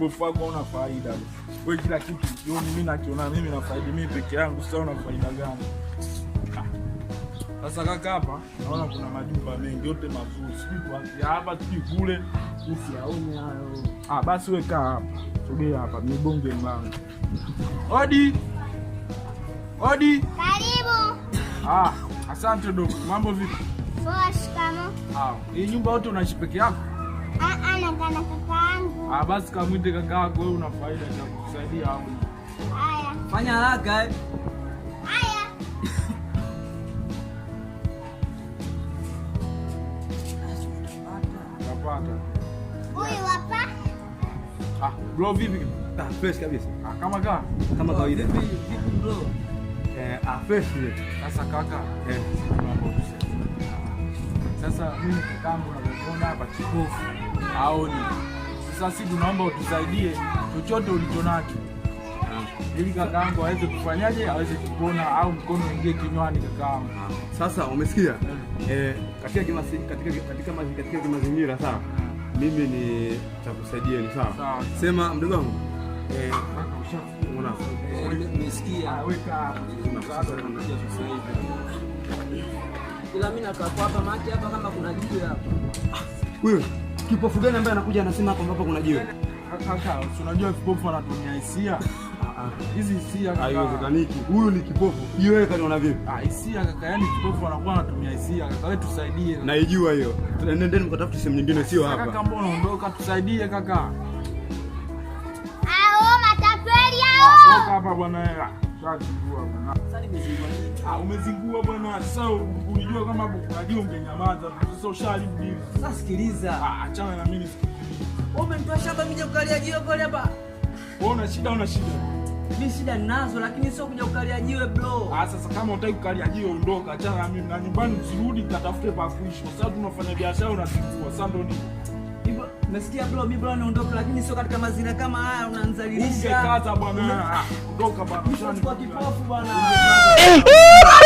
Ufago una faida wewe, kila kitu jioni mimi nakiona mimi na faida mimi peke yangu, sasa una faida gani? Sasa kaka, hapa naona kuna majumba mengi yote mazuri, sijui hapa sijui kule, usiaone hayo. Ah, basi wewe kaa hapa, sogea hapa, nibonge mlango. Odi, odi, karibu. Ah, asante dok mambo vipi? Poa, shikamo. Ah, hii nyumba yote unaishi peke yako? Ah, ah, ah, basi kamwite kaka yako, wewe una faida ya kukusaidia hapo. Haya. Fanya haraka eh. Ah, bro vipi? Ah, fresh kabisa. Ah, kama ka. Kama kawaida. Vipi bro? Eh, ah, fresh. Sasa kaka. Eh. Sasa mimi kakangu unavyoona hapa kipofu aoni. Sasa si tunaomba utusaidie chochote ulichonacho ili kakaangu aweze kufanyaje, aweze kukona au mkono uingie kinywani kakaangu. Sasa umesikia eh, katika katika kimazingira sawa, mimi ni takusaidia ni sawa, sema mdogo wangu eh, nisikia eh, ah, weka sasa hivi ila mimi nakaa hapa ah, Wewe kipofu gani ambaye anakuja anasema hapa ambapo kuna jiwe? Kaka, unajua kipofu anatumia hisia ah, ah. hizi hisia kaka. Haiwezekaniki. Huyu ni kipofu. Jiwe kaniona vipi? Ah, hisia kaka, yani kipofu anakuwa anatumia hisia kaka. Wewe tusaidie. Naijua hiyo. Nendeni mkatafute sehemu nyingine sio hapa. Kaka, mbona unaondoka? Tusaidie kaka. Hao matapeli hao. Hapa bwana. Umezingua bwana, sasa unijua kama Bukadi ungenyamaza. Sasa ushaharibu dili. Sasa sikiliza. Ah, achana na mimi. Umenitoa shamba mija kukalia jiwe pale hapa. Wewe una shida, una shida. Mimi shida nazo lakini sio kuja kukalia jiwe bro. Ah, sasa kama unataka kukalia jiwe ondoka, achana na mimi. Na nyumbani usirudi, mtatafute pa kuishi. Sasa tunafanya biashara unasingua. Sasa ndio Umesikia bro, mimi bro naondoka lakini sio katika mazingira kama haya unanizalilisha. Ungekaza bwana. Ondoka ah, bwana. Kwa kipofu bwana. Eh,